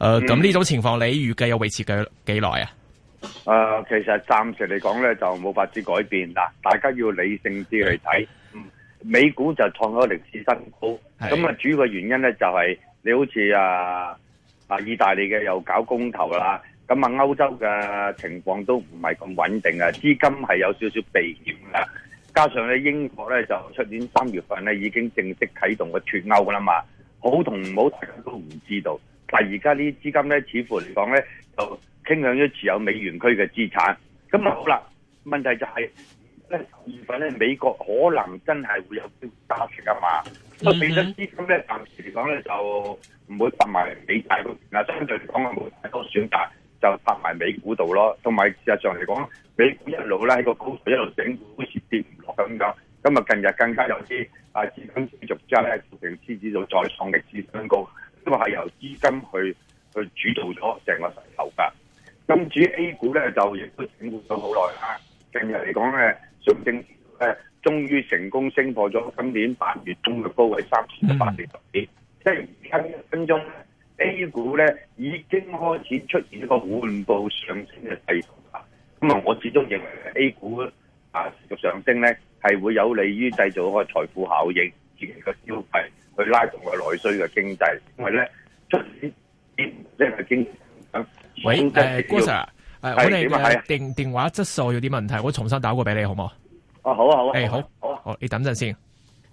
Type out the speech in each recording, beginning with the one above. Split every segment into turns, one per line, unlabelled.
誒、呃，咁呢種情況你預計有維持幾幾耐啊？
誒、嗯呃，其實暫時嚟講咧，就冇法子改變啦。大家要理性啲去睇。嗯，美股就創咗歷史新高，咁、就是、啊，主要嘅原因咧就係你好似啊啊意大利嘅又搞公投啦，咁啊歐洲嘅情況都唔係咁穩定啊，資金係有少少避險啦。加上咧英國咧就出年三月份咧已經正式啟動個脫歐啦嘛，好同唔好大家都唔知道。但而家啲資金咧，似乎嚟講咧，就傾向於持有美元區嘅資產。咁啊好啦，問題就係、是、咧，十月份咧，美國可能真係會有啲加息啊嘛。咁本身資金咧，暫時嚟講咧，就唔會泊埋美債嗰邊啊。相對嚟講啊，冇太多選擇，就泊埋美股度咯。同埋事實上嚟講，美股一路咧喺個高度一路整，好似跌唔落咁樣。咁啊，近日更加有啲啊資金持續之後咧，成指指數再創歷史新高。都係由資金去去主導咗成個勢頭噶。咁至於 A 股咧，就亦都整固咗好耐啦。近日嚟講咧，上證咧終於成功升破咗今年八月中嘅高位三千八百四十百點。即係近一分鐘，A 股咧已經開始出現一個緩步上升嘅勢頭。咁啊，我始終認為 A 股啊持續上升咧，係會有利於製造個財富效應，自己個消費。去拉動個內
需嘅經濟，因為咧出啲呢個經經喂，誒郭 sir 誒，我哋係定電話質素有啲問題，啊，我
重新打過俾你好唔好？哦，好啊，好啊，誒、hey，好好，啊，好啊，你等陣先。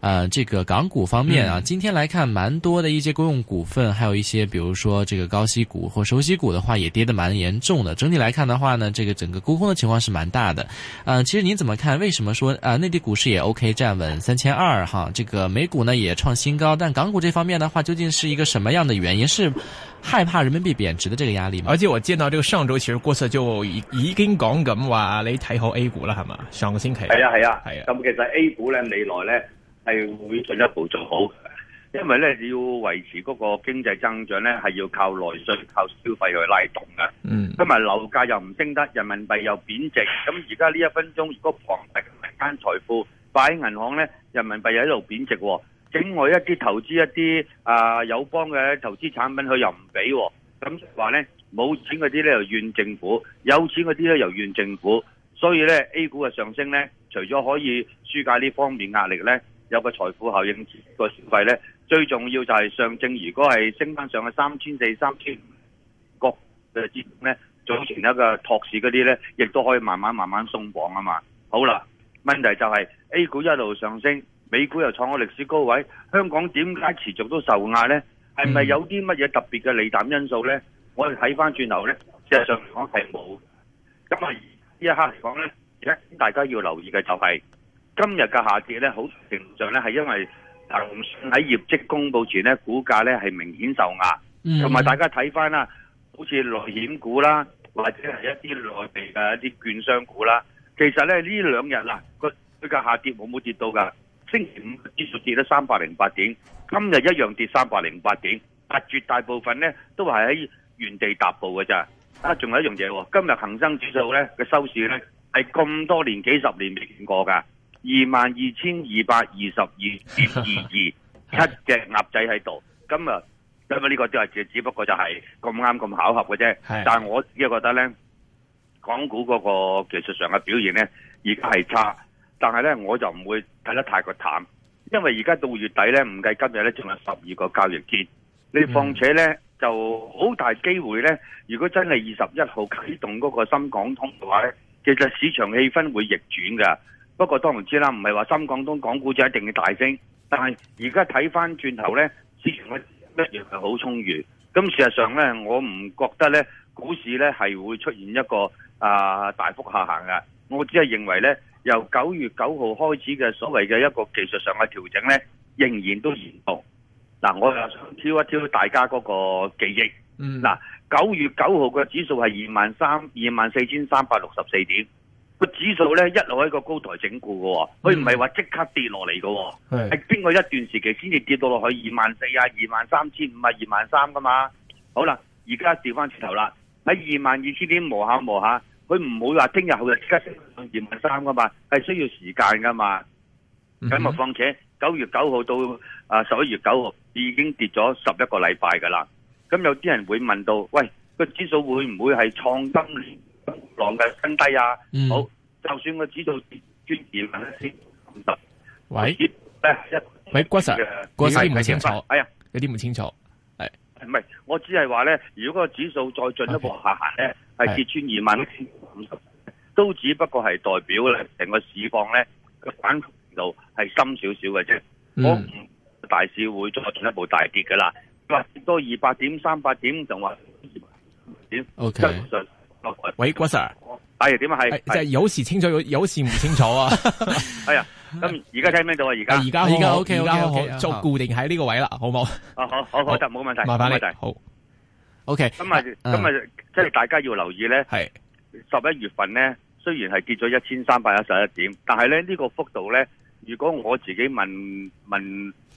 呃，這個港股方面啊，今天來看蠻多的一些公用股份，還有一些比如說這個高息股或收息股的話，也跌得蠻嚴重的。整體來看的話呢，這個整個沽空的情況是蠻大的。嗯、呃，其實您怎麼看？為什麼說呃，內地股市也 OK 站穩三千二哈？這個美股呢也創新高，但港股這方面的話，究竟是一個什麼樣的原因？是害怕人民幣貶值的這個壓力嗎？而且我見到這個上周其實郭 Sir 就
已已經講緊話，你睇好 A 股啦，係嘛？上個星期係啊，
係啊，係啊。咁其實 A 股呢，未來呢。係會進一步做好的，因為咧要維持嗰個經濟增長咧，係要靠內需、靠消費去拉動噶。嗯，同埋樓價又唔升得，人民幣又貶值，咁而家呢一分鐘，如果龐大民間財富擺喺銀行咧，人民幣又喺度貶值喎、哦。境外一啲投資一啲啊有幫嘅投資產品又不給、哦，佢又唔俾，咁話咧，冇錢嗰啲咧又怨政府，有錢嗰啲咧又怨政府。所以咧 A 股嘅上升咧，除咗可以紓解呢方面壓力咧。有個財富效應，個消費咧，最重要就係上證，如果係升翻上去三千四、三千五嗰嘅階段咧，早前一個托市嗰啲咧，亦都可以慢慢慢慢鬆綁啊嘛。好啦，問題就係 A 股一路上升，美股又創咗歷史高位，香港點解持續都受壓咧？係咪有啲乜嘢特別嘅利淡因素咧？我哋睇翻轉頭咧，事實上嚟講係冇。咁啊，呢一刻嚟講咧，大家要留意嘅就係、是。今日嘅下跌咧、mm-hmm.，好程度上咧，係因為騰訊喺業績公布前咧，股價咧係明顯受壓，同埋大家睇翻啦，好似內險股啦，或者係一啲內地嘅一啲券商股啦，其實咧呢兩日嗱，佢佢嘅下跌冇冇跌到噶？星期五指數跌咗三百零八點，今日一樣跌三百零八點，但絕大部分咧都係喺原地踏步嘅咋？啊，仲有一樣嘢，今日恒生指數咧嘅收市咧係咁多年幾十年未見過噶。二萬二千二百二十二點二二，七隻鴨仔喺度。今日因為呢個都係只，只不過就係咁啱咁巧合嘅啫。但係我自己覺得呢港股嗰個技術上嘅表現呢，而家係差。但係呢，我就唔會睇得太過淡，因為而家到月底呢，唔計今日呢，仲有十二個交易天。你況且呢就好大機會呢，如果真係二十一號啟動嗰個深港通嘅話呢，其實市場氣氛會逆轉㗎。不過當然知啦，唔係話深廣東港股就一定要大升。但係而家睇翻轉頭呢，資源嘅一樣係好充裕。咁事實上呢，我唔覺得呢股市呢係會出現一個啊大幅下行嘅。我只係認為呢，由九月九號開始嘅所謂嘅一個技術上嘅調整呢，仍然都延續。嗱，我又想挑一挑大家嗰個記憶。嗯。嗱，九月九號嘅指數係二萬三二萬四千三百六十四點。個指數咧一路喺個高台整固喎，哦。佢唔係話即刻跌落嚟喎，係經過一段時期先至跌到落去二萬四啊，二萬三千五啊，二萬三噶嘛？好啦，而家調翻轉頭啦，喺二萬二千點磨下磨下，佢唔會話聽日後日即刻升到二萬三噶嘛？係需要時間噶嘛？咁，嗯，啊，況且九月九號到啊十一月九號已經跌咗十一個禮拜噶啦，咁有啲人會問到，喂，個指數會唔會係創今年？狼嘅跟低啊！好、嗯，就算個指數跌穿二萬一千五十，
喂，咧、
啊、一喂，郭生、啊，郭生唔係清楚，
哎呀，有啲唔清楚，
係唔係？我只係話咧，如果個指數再進一步下行咧，係跌穿二萬一千五十，都只不過係代表咧，成個市況咧嘅反覆度係深少少嘅啫。我、嗯、唔、那個、大市會再進一步大跌嘅啦。你話跌多二百點、三百點，就話點？O K。喂，郭
Sir，
係點啊？係即係
有時清楚，有，有時唔清楚啊。哎
呀，咁而家聽唔聽到啊？而家而家好，而家 O K，而家好，就固
定喺呢個位啦，好唔
好？啊，好好好，得冇問題，冇問題，
好 O K。咁、okay, 啊，咁啊，
即係大家要留意咧，係十一月份咧，雖然係跌咗一千三百一十一點，但係咧呢、這個幅度咧，如果我自己問問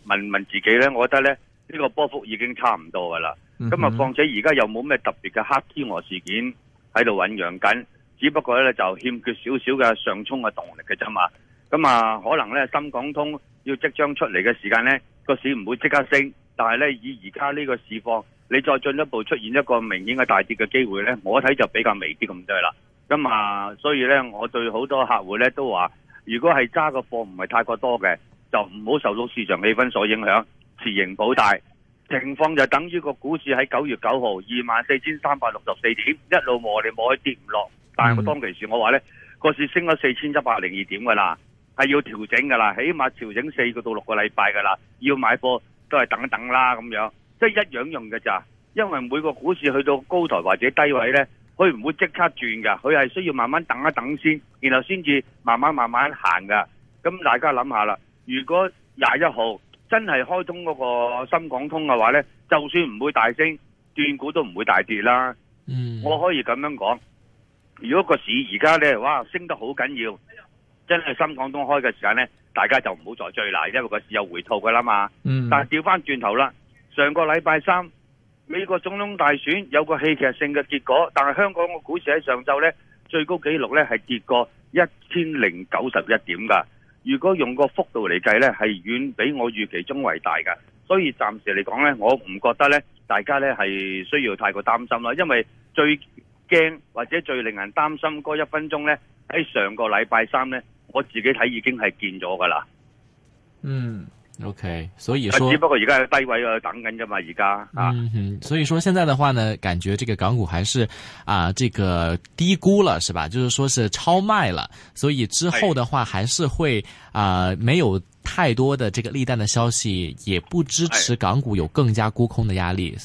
問問自己咧，我覺得咧呢、這個波幅已經差唔多噶啦。咁、嗯、啊、嗯，況且而家又冇咩特別嘅黑天鵝事件，喺度醞釀緊，只不過咧就欠缺少少嘅上衝嘅動力嘅啫嘛。咁啊，可能咧深港通要即將出嚟嘅時間咧，個市唔會即刻升，但係咧以而家呢個市況，你再進一步出現一個明顯嘅大跌嘅機會咧，我睇就比較微啲咁多啦。咁啊，所以咧我對好多客戶咧都話，如果係揸個貨唔係太過多嘅，就唔好受到市場氣氛所影響，持盈保泰。情況就等於個股市喺九月九號二萬四千三百六十四點一路磨嚟磨去跌唔落，但係我當其時我話呢個市升咗四千一百零二點噶啦，係要調整噶啦，起碼調整四個到六個禮拜噶啦，要買貨都係等一等啦咁樣，即係一樣用㗎咋，因為每個股市去到高台或者低位呢，佢唔會即刻轉噶，佢係需要慢慢等一等先，然後先至慢慢慢慢行噶。咁大家諗下啦，如果廿一號。真係開通嗰個深港通嘅話呢，就算唔會大升，斷估都唔會大跌啦。Mm. 我可以咁樣講，如果個市而家呢哇，升得好緊要，真係深港通開嘅時間呢，大家就唔好再追啦，因為個市有回吐㗎啦嘛。Mm. 但係調返轉頭啦，上個禮拜三，美國總統大選有個戲劇性嘅結果，但係香港個股市喺上晝呢，最高紀錄呢係跌過一千零九十一點㗎。如果用個幅度嚟計呢，係遠比我預期中為大㗎，所以暫時嚟講呢，我唔覺得咧，大家咧係需要太過擔心啦。因為最驚或者最令人擔心嗰一分鐘呢，喺上個禮拜三呢，我自己睇已經係見咗㗎啦。嗯。
O.K.，所以說只不過而家喺
低位喺等緊啫嘛，而家啊，
所以說現在的話呢，感覺這個港股還是啊、呃，這個低估了，是吧？就是說是超賣了，所以之後的話，還是會啊、呃，沒有太多的這個利淡的消息，也不支持港股有更加沽空的壓力。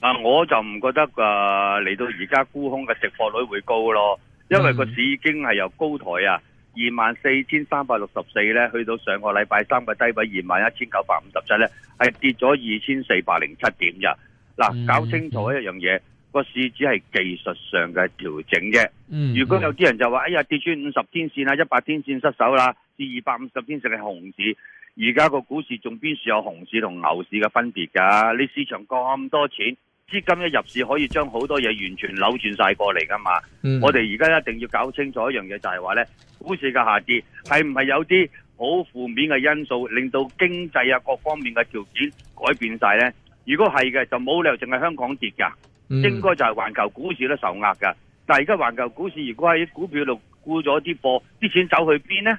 嗱，我就唔覺得啊，嚟到而家沽空嘅值博率會高咯，因為個市已經係由高台啊。二萬四千三百六十四咧，去到上個禮拜三個低位二萬一千九百五十七咧，係跌咗二千四百零七點嘅。嗱，搞清楚一樣嘢，個市只係技術上嘅調整啫。嗯、mm-hmm.，如果有啲人就話，哎呀，跌穿五十天線啊，一百天線失手啦，至二百五十天線係熊市。而家個股市仲邊處有熊市同牛市嘅分別噶？你市場咁多錢。資金一入市，可以將好多嘢，完全扭轉晒過嚟噶嘛。Mm. 我哋而家一定要搞清楚一樣嘢，就係話呢，股市嘅下跌係唔係有啲好負面嘅因素，令到經濟啊各方面嘅條件改變晒呢？如果係嘅，就冇理由淨係香港跌噶，Mm. 應該就係環球股市都受壓噶。但係而家環球股市如果喺股票度沽咗啲貨，啲錢走去邊呢？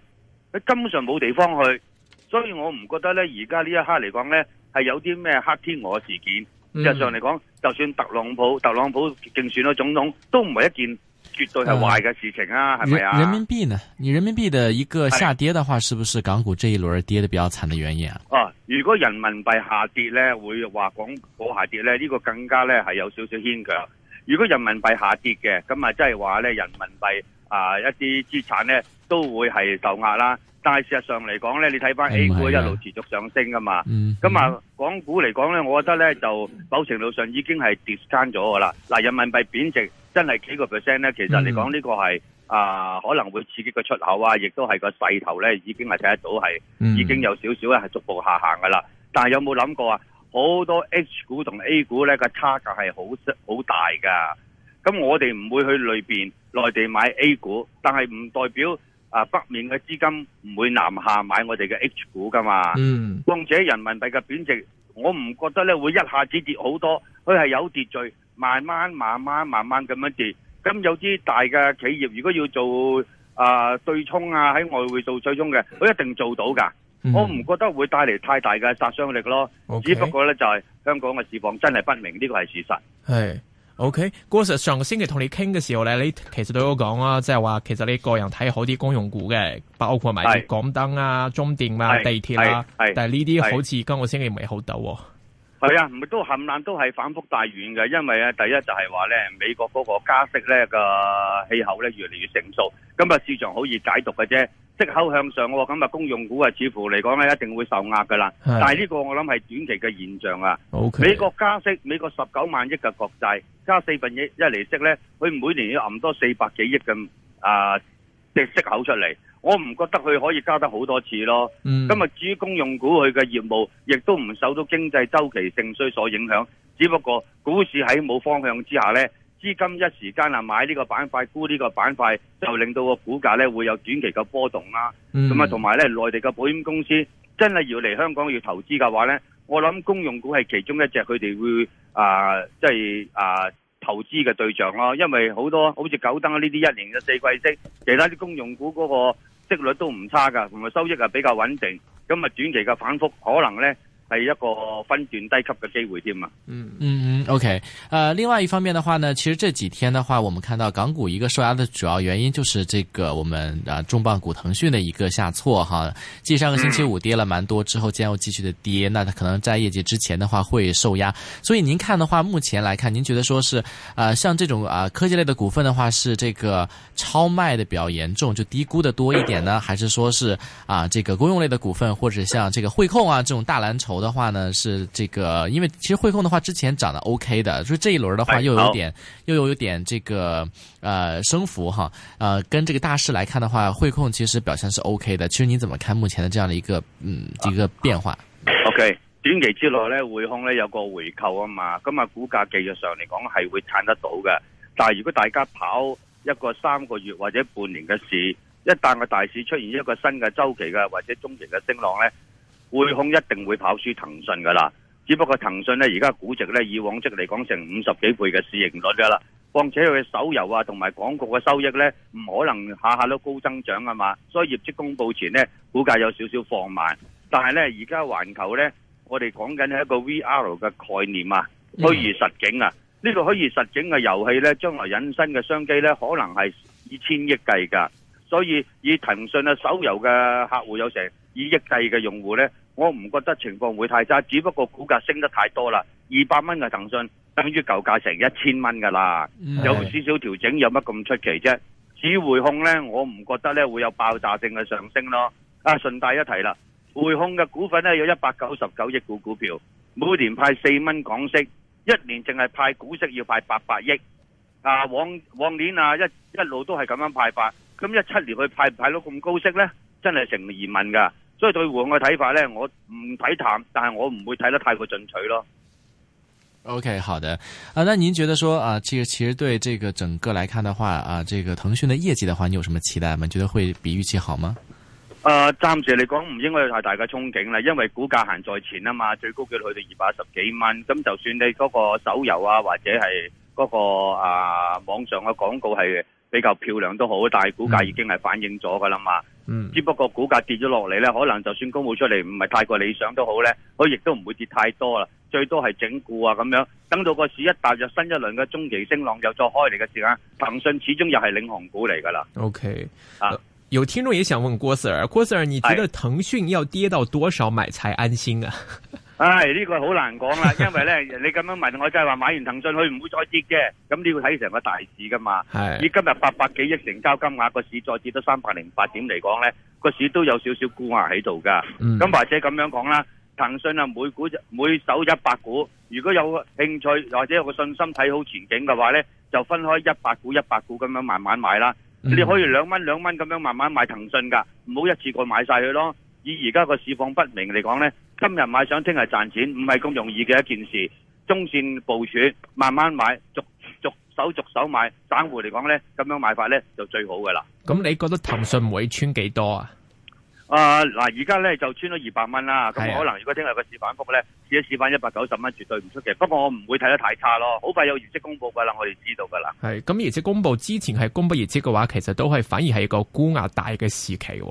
佢根本上冇地方去，所以我唔覺得呢，而家呢一刻嚟講呢，係有啲咩黑天鵝事件。事實上嚟講，就算特朗普，特朗普競選咗總統，都唔係一件絕對係壞嘅事情啊，係、呃、咪啊？人民
幣呢？你人民幣的一個下跌嘅話是，是不是港股這一輪跌得比較慘嘅原因
啊、呃？如果人民幣下跌咧，會話港股下跌咧，呢、這個更加咧係有少少牽強。如果人民幣下跌嘅，咁啊，即係話咧，人民幣。啊！一啲資產咧都會係受壓啦，但係事實上嚟講咧，你睇翻 A 股一路持續上升噶嘛。咁啊、嗯、啊，港股嚟講咧，我覺得咧就某程度上已經係跌慘咗噶啦。嗱，人民幣貶值真係幾個 percent 咧，其實嚟講呢個係、嗯、啊可能會刺激個出口啊，亦都係個勢頭咧已經係睇得到係、嗯、已經有少少咧係逐步下行噶啦。但係有冇諗過啊？好多 H 股同 A 股咧個差價係好好大噶。咁我哋唔會去裏邊內地買 A 股，但係唔代表啊北面嘅資金唔會南下買我哋嘅 H 股噶嘛。嗯，況且人民幣嘅貶值，我唔覺得咧會一下子跌好多，佢係有秩序，慢慢慢慢慢慢咁樣跌。咁有啲大嘅企業如果要做啊、呃、對沖啊，喺外匯做對沖嘅，佢一定做到噶、嗯。我唔覺得會帶嚟太大嘅殺傷力咯。Okay? 只不過咧就係香港嘅市況真係不明，呢個係事實。係。
O K，嗰日上個星期同你傾嘅時候咧，你其實都有講啦，即係話其實你個人睇好啲公用股嘅，包括埋港燈啊、中電啊、地鐵啦、啊，但係呢啲好似今個星期唔係好到
喎、哦，係啊，唔係都冚唪唥都係反覆大軟嘅，因為啊，第一就係話咧，美國嗰個加息咧個氣候咧越嚟越成熟，今日市場好易解讀嘅啫。息口向上喎，咁啊公用股啊，似乎嚟講咧，一定會受壓噶啦。但係呢個我諗係短期嘅現象啊。Okay。美國加息，美國十九萬億嘅國債加四分一厘息咧，佢每年要揞多四百幾億嘅啊息息口出嚟。我唔覺得佢可以加得好多次咯。嗯，咁啊，至於公用股佢嘅業務，亦都唔受到經濟週期盛衰所影響。只不過股市喺冇方向之下咧。資金一時間啊買呢個板塊，沽呢個板塊，就令到個股價咧會有短期嘅波動啦。咁、嗯、啊，同埋咧，內地嘅保險公司真係要嚟香港要投資嘅話咧，我諗公用股係其中一隻佢哋會啊，即係啊投資嘅對象咯。因為很多好多好似九登呢啲一年嘅四季息，其他啲公用股嗰個息率都唔差㗎，同埋收益係比較穩定，咁啊短期嘅反覆可能咧。係一個分
段低級嘅機會添啊！嗯嗯嗯，OK。呃，另外一方面的話呢，其實這幾天的話，我們看到港股一個受壓的主要原因，就是這個我們啊、呃、重磅股騰訊的一個下挫哈。繼上個星期五跌了蠻多之後，將要繼續的跌。那它可能在業績之前的話會受壓。所以您看的話，目前來看，您覺得說是，呃像這種誒、呃、科技類的股份的話，是這個超賣的比較嚴重，就低估的多一點呢？還是說是啊，這個公用類的股份，或者像這個匯控啊，這種大藍籌？頭的話呢是這個，因為其實匯控的話之前漲得 OK 的，所以這一輪的話又有點，又有有點這個呃升幅哈，呃跟這個大勢來看的話，匯控其實表現是 OK 的。其實你怎麼看目前的這樣的一個嗯一個變化？
嗯。OK，短期之內呢匯控呢有個回扣啊嘛，咁啊股價技術上嚟講係會撐得到嘅。但係如果大家跑一個三個月或者半年嘅市，一旦個大市出現一個新嘅周期嘅或者中期嘅升浪呢匯控一定會跑輸騰訊噶啦，只不過騰訊咧而家估值咧，以往即嚟講成五十幾倍嘅市盈率噶啦，況且佢嘅手遊啊同埋廣告嘅收益咧，唔可能下下都高增長啊嘛，所以業績公布前咧，估計有少少放慢。但係咧，而家環球咧，我哋講緊係一個 VR 嘅概念啊，虛擬實境啊，嗯這個、虛景呢個虛擬實境嘅遊戲咧，將來引申嘅商機咧，可能係以千億計噶，所以以騰訊啊手遊嘅客戶有成以億計嘅用戶咧。我唔覺得情況會太差，只不過股價升得太多啦，二百蚊嘅騰訊等於舊價成一千蚊噶啦，有少少調整有乜咁出奇啫？至於匯控呢，我唔覺得呢會有爆炸性嘅上升咯。啊，順帶一提啦，匯控嘅股份呢有一百九十九億股股票，每年派四蚊港息，一年淨係派股息要派八百億。啊，往往年啊一一路都係咁樣派發，咁一七年去派唔派到咁高息呢？真係成疑問噶。所以對後市嘅睇法咧，我唔睇淡，但係我唔會睇得太過進取咯。
OK，好的，啊，那您覺得說啊，其實其實對這個整個來看的話啊，這個騰訊的業績的話，你有什麼期待嗎？覺得會比預期好嗎？
誒、啊，暫時嚟講唔應該有太大嘅憧憬啦，因為股價行在前啊嘛，最高叫到去到二百十幾蚊。咁就算你嗰個手遊啊，或者係嗰個啊網上嘅廣告係。比較漂亮都好，但係股價已經係反映咗噶啦嘛。嗯，只不過股價跌咗落嚟咧，可能就算公布出嚟唔係太過理想都好咧，佢亦都唔會跌太多啦。最多係整固啊咁樣，等到個市一踏入新一輪嘅中期升浪，又再開嚟嘅時間，騰訊始終又係領航股
嚟噶啦。OK，啊，有聽眾也想問郭 Sir，郭 Sir 你覺得騰訊要跌到多少買才安心啊？
唉、哎、呢、這個好難講啦，因為咧， 你咁樣問我，即係話買完騰訊佢唔會再跌嘅，咁你要睇成個大市噶嘛。你 今日八百幾億成交金額個市再跌到三百零八點嚟講咧，個市都有少少沽壓喺度噶。咁、嗯、或者咁樣講啦，騰訊啊，每股每手一百股，如果有興趣或者有個信心睇好前景嘅話咧，就分開一百股一百股咁樣慢慢買啦。嗯、你可以兩蚊兩蚊咁樣慢慢買騰訊噶，唔好一次過買晒佢咯。以而家個市況不明嚟講咧。今日買想聽日賺錢唔係咁容易嘅一件事，中線部署慢慢買，逐逐手逐手買，散戶嚟講呢，咁樣買法呢就最好噶啦。
咁你覺得騰訊會穿幾多少、
呃、現在穿啊？啊嗱，而家呢就穿咗二百蚊啦。咁可能如果聽日個市反覆呢，試一試返一百九十蚊，絕對唔出奇。不過我唔會睇得太差咯。好快有業績公佈噶啦，我哋知道噶啦。
係咁，業績公佈之前係公佈業績嘅話，其實都係反而係一個沽壓大嘅時期。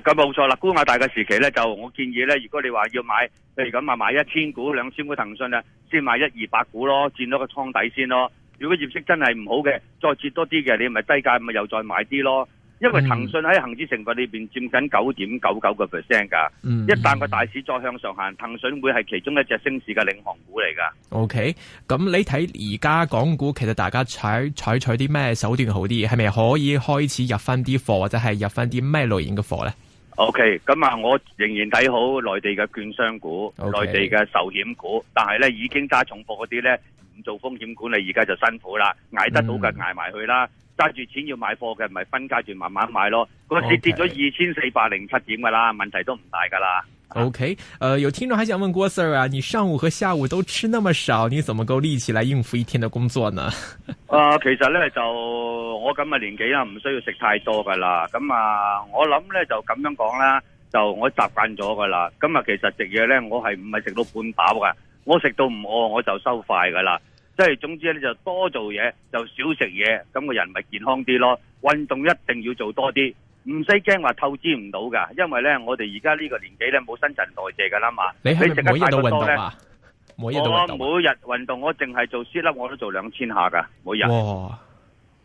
咁、嗯、冇錯啦。高壓大嘅時期咧，就我建議咧，如果你話要買，譬如咁啊，買一千股、兩千股騰訊啊，先買一二百股咯，佔到個倉底先咯。如果業績真係唔好嘅，再跌多啲嘅，你咪低價咪又再買啲咯。因為騰訊喺恒指成分裏邊佔緊九點九九個 percent 噶，一旦個大市再向上行，騰訊會係其中一隻升市嘅領航股嚟噶。
OK，咁你睇而家港股其實大家採採取啲咩手段好啲？係咪可以開始入翻啲貨或者係入翻啲咩類型嘅貨咧
？OK，咁啊，我仍然睇好內地嘅券商股、okay. 內地嘅壽險股，但係咧已經揸重貨嗰啲咧唔做風險管理，而家就辛苦啦，捱得到嘅捱埋去啦。嗯揸住錢要買貨嘅，唔係分階段慢慢買咯。個市跌咗二千四百零七點噶啦，問題都唔大噶啦。
OK，誒、okay. uh,，有聽眾喺度問郭 Sir 啊，你上午和下午都吃那麼少，你怎麼夠力氣來應付一天的工作呢？
呃、其實咧就我咁嘅年，年紀啦，唔需要食太多噶啦。咁啊，我諗咧就咁樣講啦，就我習慣咗噶啦。咁啊，其實食嘢咧，我係唔係食到半飽噶，我食到唔餓我就收快噶啦。即係總之咧就多做嘢，就少食嘢，咁個人咪健康啲咯。運動一定要做多啲，唔使驚話透支唔到噶。因為咧，我哋而家呢個年紀咧冇新陳代謝噶啦嘛。你食得快到運動啊？我每日運動，我淨係做 sit up，我都做兩千下噶，每日。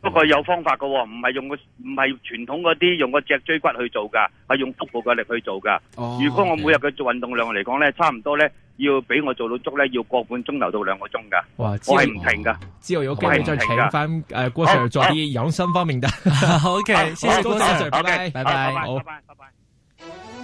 不過
有方法噶，唔係用個唔係傳統嗰啲用個脊椎骨去做噶，係用腹部嘅力去做噶。Oh, okay. 如果我每日嘅做運動量嚟講咧，差唔多咧，要俾我做到足咧，要半個半鐘頭到兩個鐘噶。
哇！我係唔停噶，之、哦、後有機會停再請翻誒郭 s i 做啲養生方面得。 OK，謝謝郭 s 拜拜。